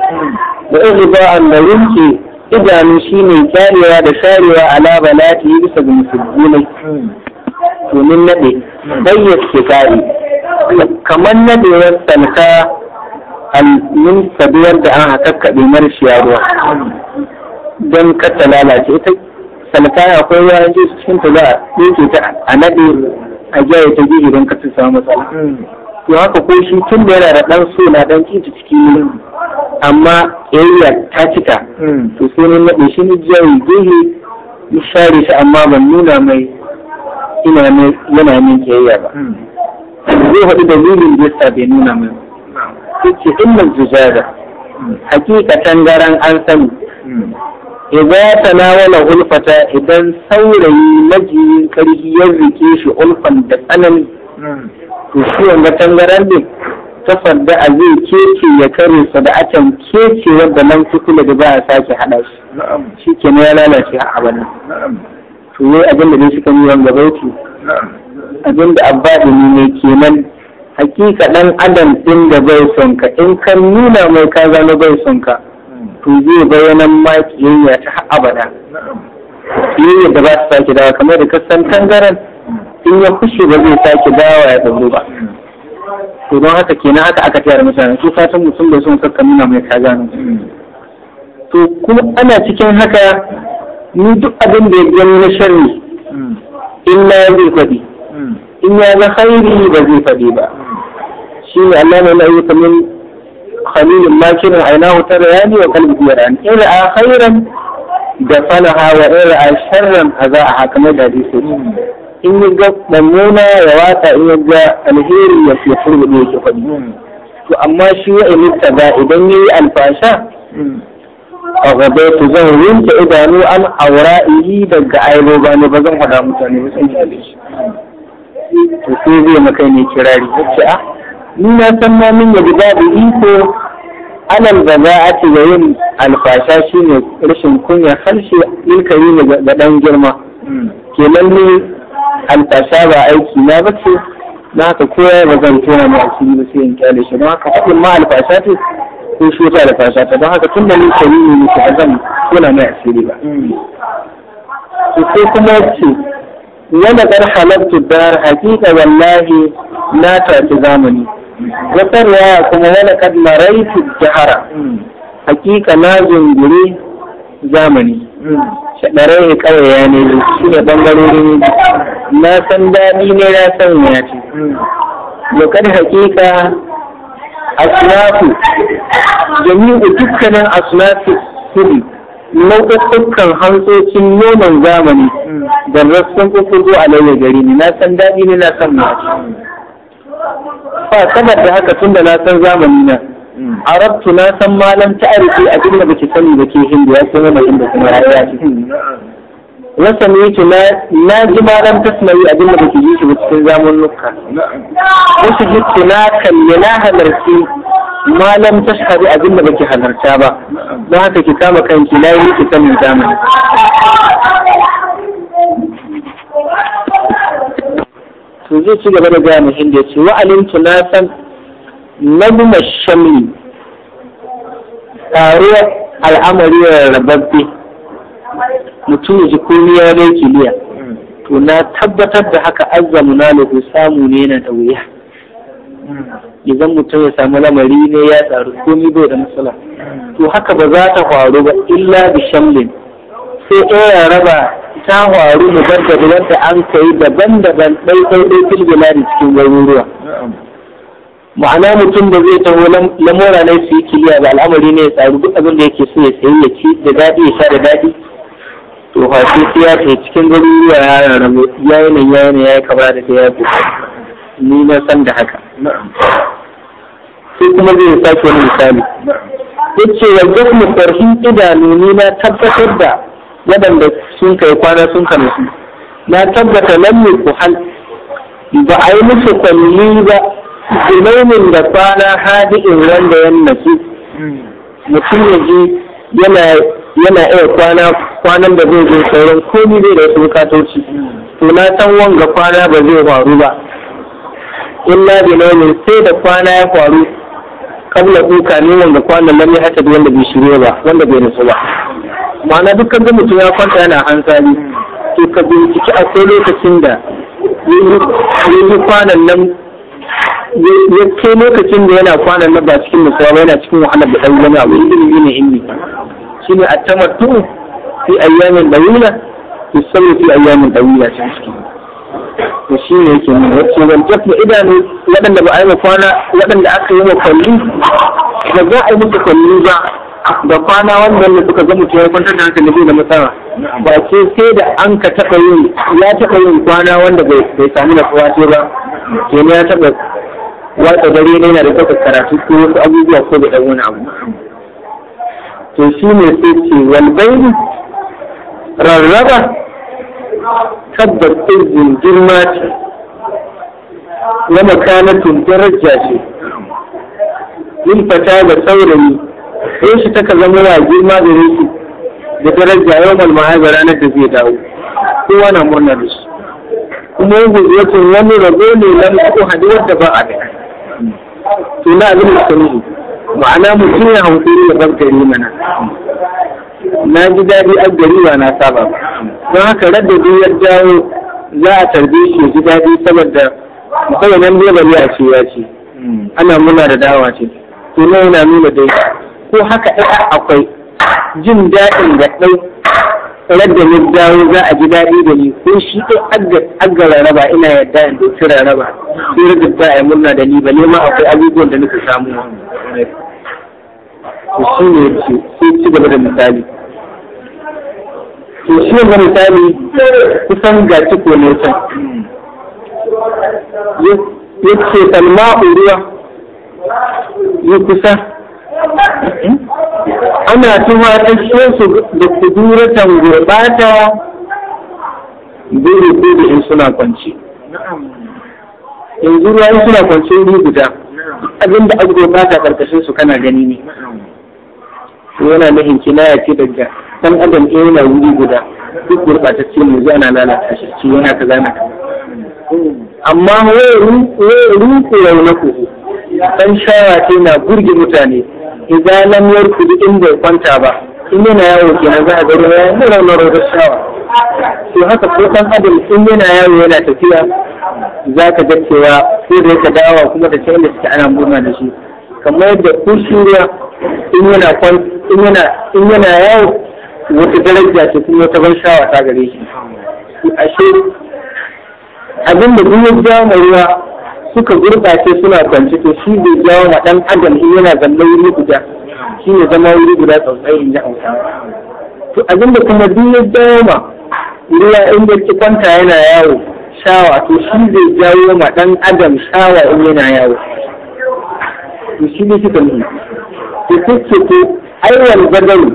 da in ba an da rinke idanu shi ne kyarewa da sharewa ala yi bisa ga musulmi to ni nade bayyana ke kare kamar nadewar salka almin sabiyar da an hakakkaɓe marishiya ruwa don kasa lalace ita salka akwai ruwa su cikin ta za a ɗauke ta a naɗe a jiya ta gihi don kasa samu matsala to haka ko shi tun da yana da ɗan so na ɗan kinci ciki amma ƙiyayya ta cika to sai ne naɗe shi ni jiya gihi ya share shi amma ban nuna mai ina yana min ba zai faɗi dalilin da yasa bai nuna min zujada hakikatan garan an sani idza tanawala ulfata idan saurayi majiyin karfi ya rike shi ulfan da tsanani to shi wanda tangaran ne ta fadda a zai kece ya kare sa da akan keke wanda nan kuku da ba a sake hada shi shi na ya lalace a abana to wai abin da ne shi kan yi wanga bauti abin da abbadini ne kenan hakika dan adam ɗin da bai son ka in kan nuna mai ka zama bai son ka to zai bayanan ma kiyayya ta abada kiyayya da ba su sake dawa kamar da kasan tangaran in ya kushe ba zai sake dawa ya tsaro ba to don haka kenan haka aka tayar mutane su fatan mutum bai son ka nuna mai ka zama to kuma ana cikin haka ni duk abin da ya gani na sharri in na yi kwadi in ya ga khairi ba zai faɗi ba shi ne Allah mai layi kamin khalilin makirin aina wuta da yani wa kalbi an ila a khairan da falaha wa ila a sharran a za a hakamar da hadisi in ya ga mammuna ya wata in ga alheri ya fi furbe da yake faɗi to amma shi ya ilista ba idan ya yi alfasha a gaba to zan rinta idanu an aura'ihi daga ailo ba ne ba zan faɗa mutane ba sun shi
to sai
zai maka ne kirari yace a ah, ni na san ma min yabi babu iko alal da za a ci ga yin alfasha shine rashin kunya harshe ilkari ne ga dan girma hmm. ke lalle alfasha ba aiki na bace na haka koya ba zan tona mai asiri ba sai in kyale shi don haka haɗin ma alfasha ce ko shi ta alfasha ta don haka tun da ni kari ne ne ba zan tona mai asiri ba. Hmm.
Sai kuma ce
wanda kar halartu da hakika wallahi na tafi zamani wata riwaya kuma wanda kad maraitu jahara hakika na zunguri zamani shaɗarai ya kawai ya ne shi da ɓangarorin na san daɗi ne na san ya ce
lokar hakika asnafu jami'u dukkanin
asnafu sirri nau'ukan hantsocin noman zamani da rassan kukuzo a lauya gari ne na san daɗi ne na san ma
fa da
haka tun da na san zamani na A rabtu na san malam ta arziki a cikin da bace sani da ke hindu ya kuma mai inda kuma ya ci wasa ne yake na ji malam tasmari a duk da bace yi shi cikin zamun nukka wasu jikin na kalli na halarci malam tashhari abin da baki halarta ba don haka ki kama kanki na yi ki sanin zamani to zai ci gaba da gaya muhim da ce wa'alintu na san naguma shamli taruwar al'amari rababbe mutum ya ji kuniya ne kiliya to na tabbatar da haka azzamu na samu ne na da wuya idan mutum ya samu lamari ne ya tsaru komi bai da matsala to haka ba za ta faru ba illa bi shamlin sai ɗaya raba ta faru da banda wanda an kai daban-daban ɗaiɗai ɗai filbila da cikin garuruwa ma'ana mutum da zai taho lamura na su yi kiliya ba al'amari ne ya tsaru duk abin da yake so ya sayi ya ci da daɗi ya sha da daɗi to fashe sai ya kai cikin garuruwa ya ya yi nan ya yi nan kamar da ta ni na san da haka sai kuma zai sake wani misali yace wa jasmu farhin idanu ne na tabbatar da waɗanda sun kai kwana sun su na tabbata nan ne ku hal ba a yi musu kwalli ba ilaimin da kwana hadi'in wanda ya nasu mutum ya ji yana iya kwana kwanan da zai zo sauran komi zai da wasu bukatoci to na san wanga kwana ba zai faru ba illa bi laimin sai da kwana ya faru kabla duka, ne wanda kwanan lam yahta wanda bai shirye ba wanda bai nutsu ba ma'ana dukkan ga mutum ya kwanta yana hansali to ka binciki akwai lokacin da yi kwanan nan ya ke lokacin da yana kwanan nan ba cikin nutsuwa ba yana cikin wahalar da ɗan wani abu ilimi ne ilimi shi ne a tamattu fi ayyamin dawila to sauri fi ayyamin dawila cikin to shi ne yake nuna wacce zan jafa idanu waɗanda ba a yi ma kwana waɗanda aka yi ma kwalli ba za a yi musu kwalli ba da kwana wannan da suka zama cewa kwantar da hankali da matsala ba ce sai da an ka taɓa yin ya taɓa yin kwana wanda bai sami na kwace ba ba ne ya taɓa watsa dare ne yana da taɓa karatu ko wasu abubuwa ko da ɗan wani abu to shi ne sai ce walbaini rarraba tabbas izin girma ce wa makanatun daraja ce yin fata da saurayi sai shi taka zama ya girma da shi da daraja yau malmahaiba ranar da zai dawo kowa na murna da shi kuma yin gudunatun wani rabo ne na ko haduwar da ba a da to na abin da ma'ana mutum ya hankali da bankari mana na ji daɗi a gari ba na saba ba don haka radda biyar jawo za a tarbe shi ji daɗi saboda musamman yan bebari a ce ya ce ana muna da dawa ce to na yana nuna dai ko haka ɗaya akwai jin daɗin da ɗai radda ne dawo za a ji daɗi da ni ko shi ɗai agga raba ina yadda in doki raba sai radda ba a yi murna da ni ba nema akwai abubuwan da nake samu to shi ne ce sai ci gaba da misali to shi yanzu misali kusan ga ciko ne can ya ce salma ruwa ya kusa
ana tumatar
su da kuduratan gurbata dole ko da in suna kwanci
yanzu ruwa in suna
kwanci wuri guda abinda da gurbata karkashin su kana gani ne to yana nufin ya ce daga dan adam eh yana wuri guda duk gurɓatacce ne zai lalata shi ce yana kaza na kaza amma wai ruku ku dan shawa ce na burge mutane idan lam yarku din da kwanta ba in yana yawo kenan za a ga ya yana raunar raunar shawa to haka ko dan adam in yana yawo yana tafiya za ka ga cewa ko da yake dawa kuma da cewa da suke ana murna da shi kamar yadda kushuriya in yana kwanta in yana yawo wata daraja ce kuma wata ban shawa ta gare shi ashe abin da duk ya ruwa suka gurɓace suna kwance to shi bai jawo ma dan adam in yana zalla wuri guda shi ne zama wuri guda tsautsayi in ji hausawa to da kuma duk ya jawo ma ruwa in da ki kwanta yana yawo shawa to shi zai jawo ma ɗan adam shawa in yana yawo to shi ne kika nuna to kuke ko. aiwal gadari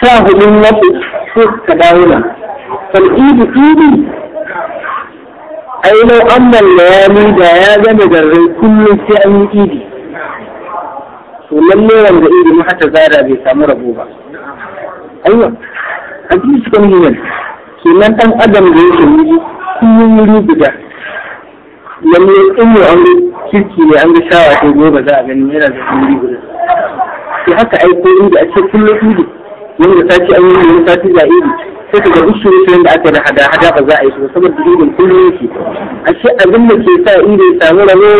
sha hudun su suka dawo na fal'idu idi ai lau an mallayani da ya da garrai kullum sai an yi idi to lalle wanda idi mu hata zara bai samu rabo ba aiwa hadisi cikin hinan kenan dan adam da yake wuri kullum wuri guda lalle in yi an kirki ne an ga shawa ta gobe za a gani yana da wuri guda sai haka ai ko inda a ce kullum idi wanda ce an yi wani sati za idi sai ka ga sai da aka da hada hada ba za a yi su saboda idin kullum yake a ce abin da ke sa inda ya samu rabo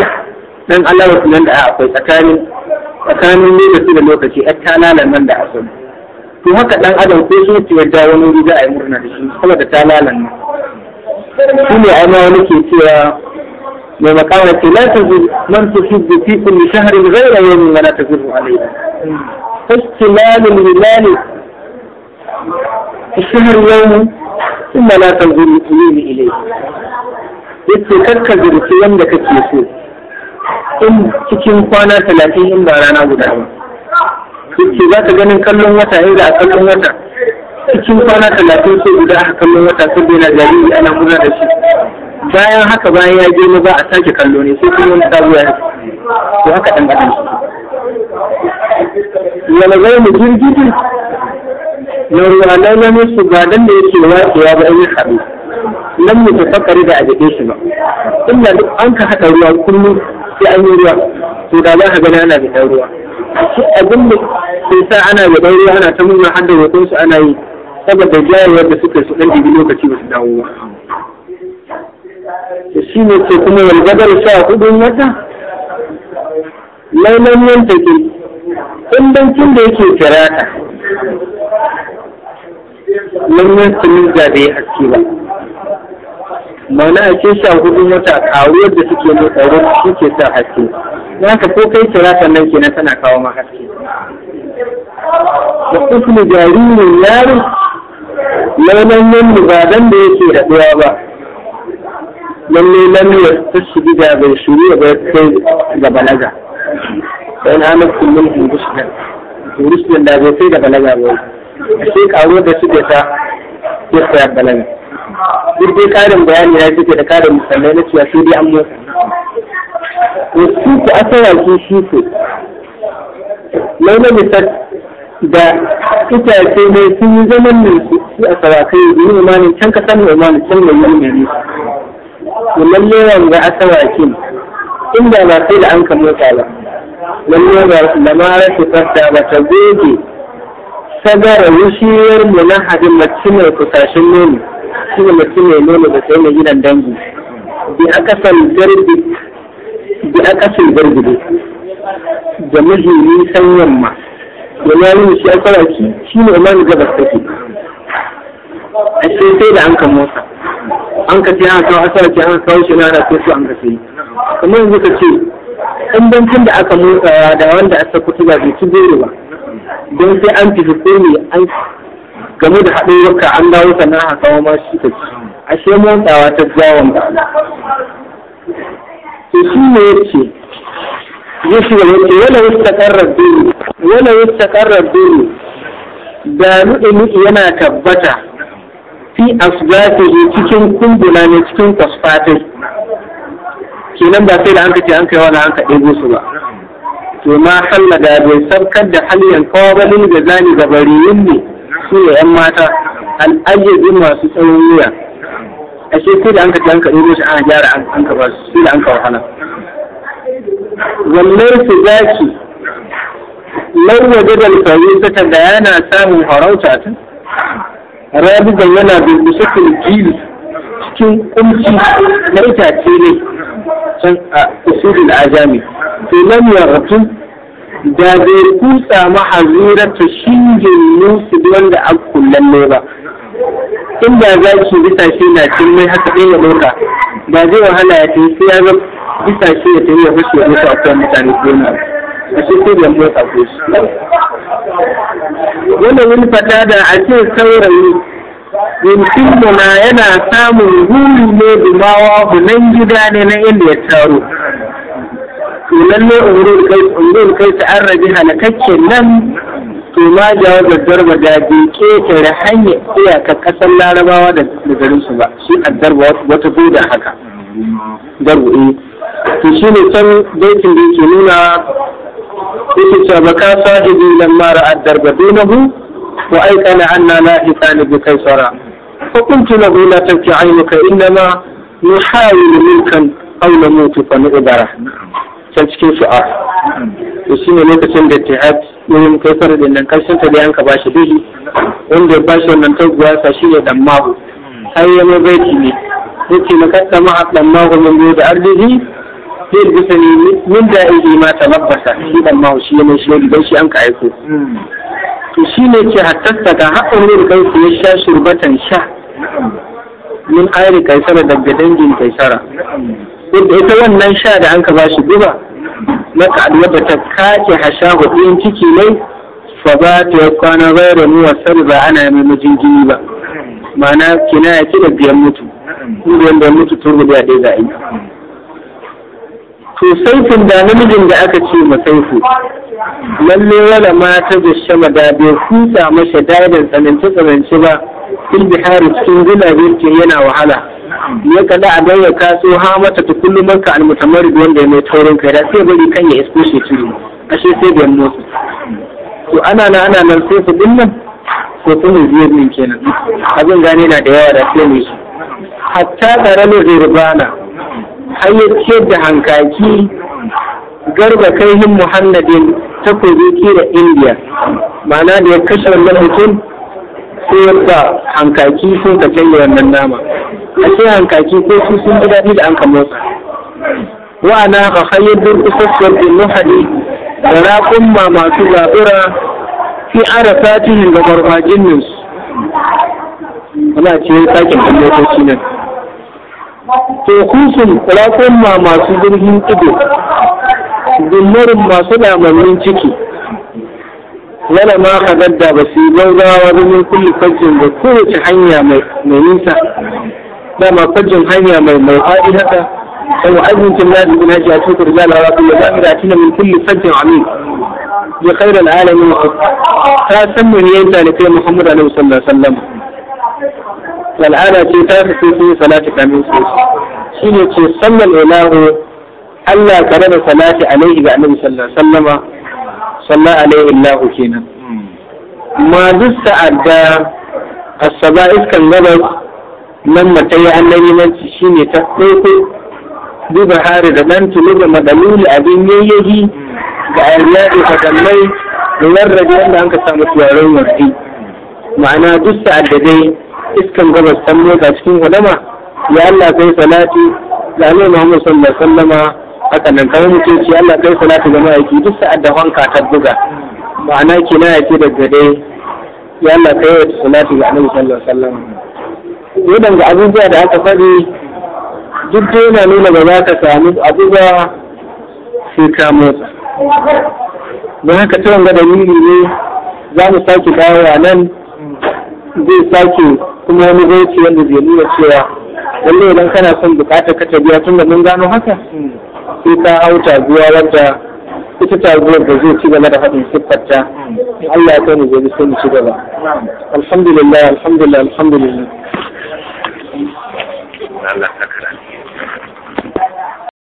dan Allah nan da akwai tsakanin tsakanin lokaci da lokaci ɗan talalan nan da akwai to haka dan adam ko so ce da wani wuri za a yi murna da shi saboda talalan nan
shi ne ai ma wani ke cewa
mai makama ce la ta man ta hibbu fi kulli shahrin ghayra yawmin la tafiru alayhi fastilalul hilali fi shahr yawmin thumma la tanzuru ilayhi ilayhi yace kakka zurfi wanda kake so in cikin kwana talatin in ba rana guda ba yace za ka ganin kallon wata inda a kallon wata cikin kwana talatin sai guda aka kallon wata saboda yana jariri ana murna da shi bayan haka bayan ya je ba a sake kallo ne sai kuma ta zuwa ya
to haka dan adam yana zai mu girgiji
na ruwa na namun su ba dan da yake ya ba yi haɗu nan mu tafakkari da a shi ba illa duk an ka haɗa ruwa kullum sai an yi ruwa to da za ka gani ana ɗan ruwa abin da yasa ana yaban ruwa ana ta murna har da su ana yi saboda jayawar da suka su dan dibi lokaci ba su dawo ba
to shi ne ce kuma wal badal sha hudun wata lailan yan take kundancin da yake firata lanyan sunin da bai haske ba ma'ana a ce sha hudun wata karuwar da suke mai tsaro
shi ke sa haske na ka ko kai kira nan kenan tana kawo ma haske da ismi jaririn yaro launan yin ba dan da yake haɗuwa ba lalle lalle ta su da bai shirya bai kai ga balaga dan anas kullum hindustan hindustan da bai kai ga balaga ba
shi karo da suke ta ya
tsaya balaga duk dai karin bayani ya suke da karin musamman na cewa sai dai an motsa wasu ke asara su shi ke launan misali da itace ne sun yi zaman mai su a sarakai da yi imanin can ka san imanin can mai yi mai nisa. Wannan lewan ga asarakin inda ba sai da an ka mota ba. Wannan ba da mara su fasta ba ta goge sagara wushiyar mu na hadin mace mai kusashen nono shi ne mace mai nono da sai mai gidan dangi. Bi aka san garbi bi aka san garbi da mahimmin nisan yamma. ya yi shi an fara ki shi ne imanin gabas take a
sai sai da an ka motsa an ka ce an kawo asara ce an kawo shi na da su an ka sai kamar yanzu ka ce
in bankin da aka motsa da wanda a sako tuba bai ci goro ba don sai an fi ko ne an game da haɗuwarka an dawo sannan a kawo ma shi ta ci ashe motsawa ta jawon ba to shi ne ya ce yusuf yake wala yastaqarra dini wala yastaqarra dini da nuɗe nuɗe yana tabbata fi asbatihi cikin kumbula ne cikin kwasfatai kenan ba sai da an kace an kai wani an ka ɗebo su ba to ma halla da bai sarkar da halayen kawabalin da zani gabariyin ne su ne yan mata al'ajabi masu tsawon wuya ashe sai da an kace an ɗebo shi an gyara an ka ba su sai da an ka wahala wallar su zaki lauwaje da alfayi ta da yana samun harauta ta rabugan yana durbusa kulgili cikin kumci na itace ne can a kusurin ajami to nan ya yartu da bai kutsa mahazira ta shingin nusu wanda an kullalle ba inda za zaki bisa shi na cin mai haka ɗaya ɗauka ba zai wahala ya tafi ya zama bisa ce ya tafiya wasu ya mutu a kan mutane goma a shi sai da motsa ko shi wannan wani fata da a ce saurayi yankin na yana samun guri ne dumawa bunan gida ne na inda ya taro to ne umrul kai ta an rabi halakakken nan to ma jawo da darba da bai ketare hanyar iyaka kasar larabawa da garinsu ba shi a darba wata da haka darbu eh to shi ne san baitin da yake nuna yake cewa baka sahibi lamma ra'ad darba bainahu wa aikana anna lahiqani bi kaisara fa qultu lahu la tabki aynuka innama nuhawilu milkan aw namutu fa nu'bara san cikin su'a to shi ne lokacin da tihad yin kaifar din nan karshen ta da yanka bashi dole wanda ya bashi wannan taguwa sa shi ne dan mahu ai ya mai baiti ne yake na kadda ma'a dan mahu min da ardihi sai da ta ne min da ya ma ta labbasa shi dan ma shi ne shi ne shi an ka aiko hmm. to shi ne ke hattasta ga haƙon ne kai ya sha shurbatan sha min sara kaisara daga dangin kaisara yadda ita wannan sha da an ka ba shi guba na ka'adwa da ta kace hasha hudun ciki ne fa ba ta ya kwana zaira mu wasar ba ana mai majingini ba ma'ana kina ya ci da biyan mutu inda da mutu turbi da dai za a to saifin da namijin da aka ce ma saifu lalle wala mata da shama da bai huta masa daidan tsanance tsanance ba bi bihari cikin gulabe ke yana wahala ne kada a dan ya kaso ha mata ta kullu maka al wanda ya mai taurin kai da sai bari kan ya isko shi a ashe sai da motsi to ana na ana nan sai su dinnan ko kuma biyar min kenan
abin gane na da yawa da sai mu shi
hatta karamin rirbana har ya ciyar da hankaki garba kaihin muhammadin takobi da indiya ma'ana da ya kashe wannan mutum sai yadda hankaki sun ka canza wannan nama a ce hankaki ko su sun ji daɗi da an ka motsa wa'ana a hanyar durkusassuwar bin nuhadi da raƙumma masu zaɓura fi ara satihin da gwarfajin nan su ana ce sakin kan motoci nan tokusun ma masu jirgin ido zummarin masu damannin ciki wala ma ka gadda ba su yi gaugawa domin kulle fajin da kowace hanya mai nisa dama fajin hanya mai mai fa'idata kan wa'azin jimladi bin haji a cikin rijalawa kuma za'ira tina min kulle fajin amin ya khairar alamin ta san mun yanta ne kai muhammadu alaihi sallallahu alaihi wasallam al'ada ce ta fi sai salati kamin su shi ne ce sallar ilahu Allah ka da salati alaihi ga annabi sallallahu sallama sallan alaihi ilahu kenan ma duk sa'adda asaba iskan gabas nan matai annabi manci shi ne ta ɗauko duba hari da nan tulu da madaluli abin yayyaji ga ayyadi fadallai da yarrabe yadda an ka samu turaren warki ma'ana duk sa'adda dai iskan gabas ta ga cikin hulama ya Allah kai salati ga Annabi Muhammad sallallahu alaihi wasallama haka nan kamar mutum ce Allah kai salati ga mai duk sa'ad da wanka ta buga ma'ana kina na yake da gade ya Allah kai salati ga Annabi sallallahu alaihi wasallama ga abubuwa da aka faɗi duk dai yana nuna ba za ka sami abubuwa sai ka motsa don haka ta wanga dalili ne za mu sake dawowa nan zai sake kuma wani zauki wanda zai nuna cewa wanda idan kana son bukatar ka biya tun da mun gano haka sai ka hau taguwa wanda ita taguwar da zai ci gaba da haɗin siffarta in Allah ya kai zai sai mu ci gaba alhamdulillah alhamdulillah alhamdulillah Allah ka karanta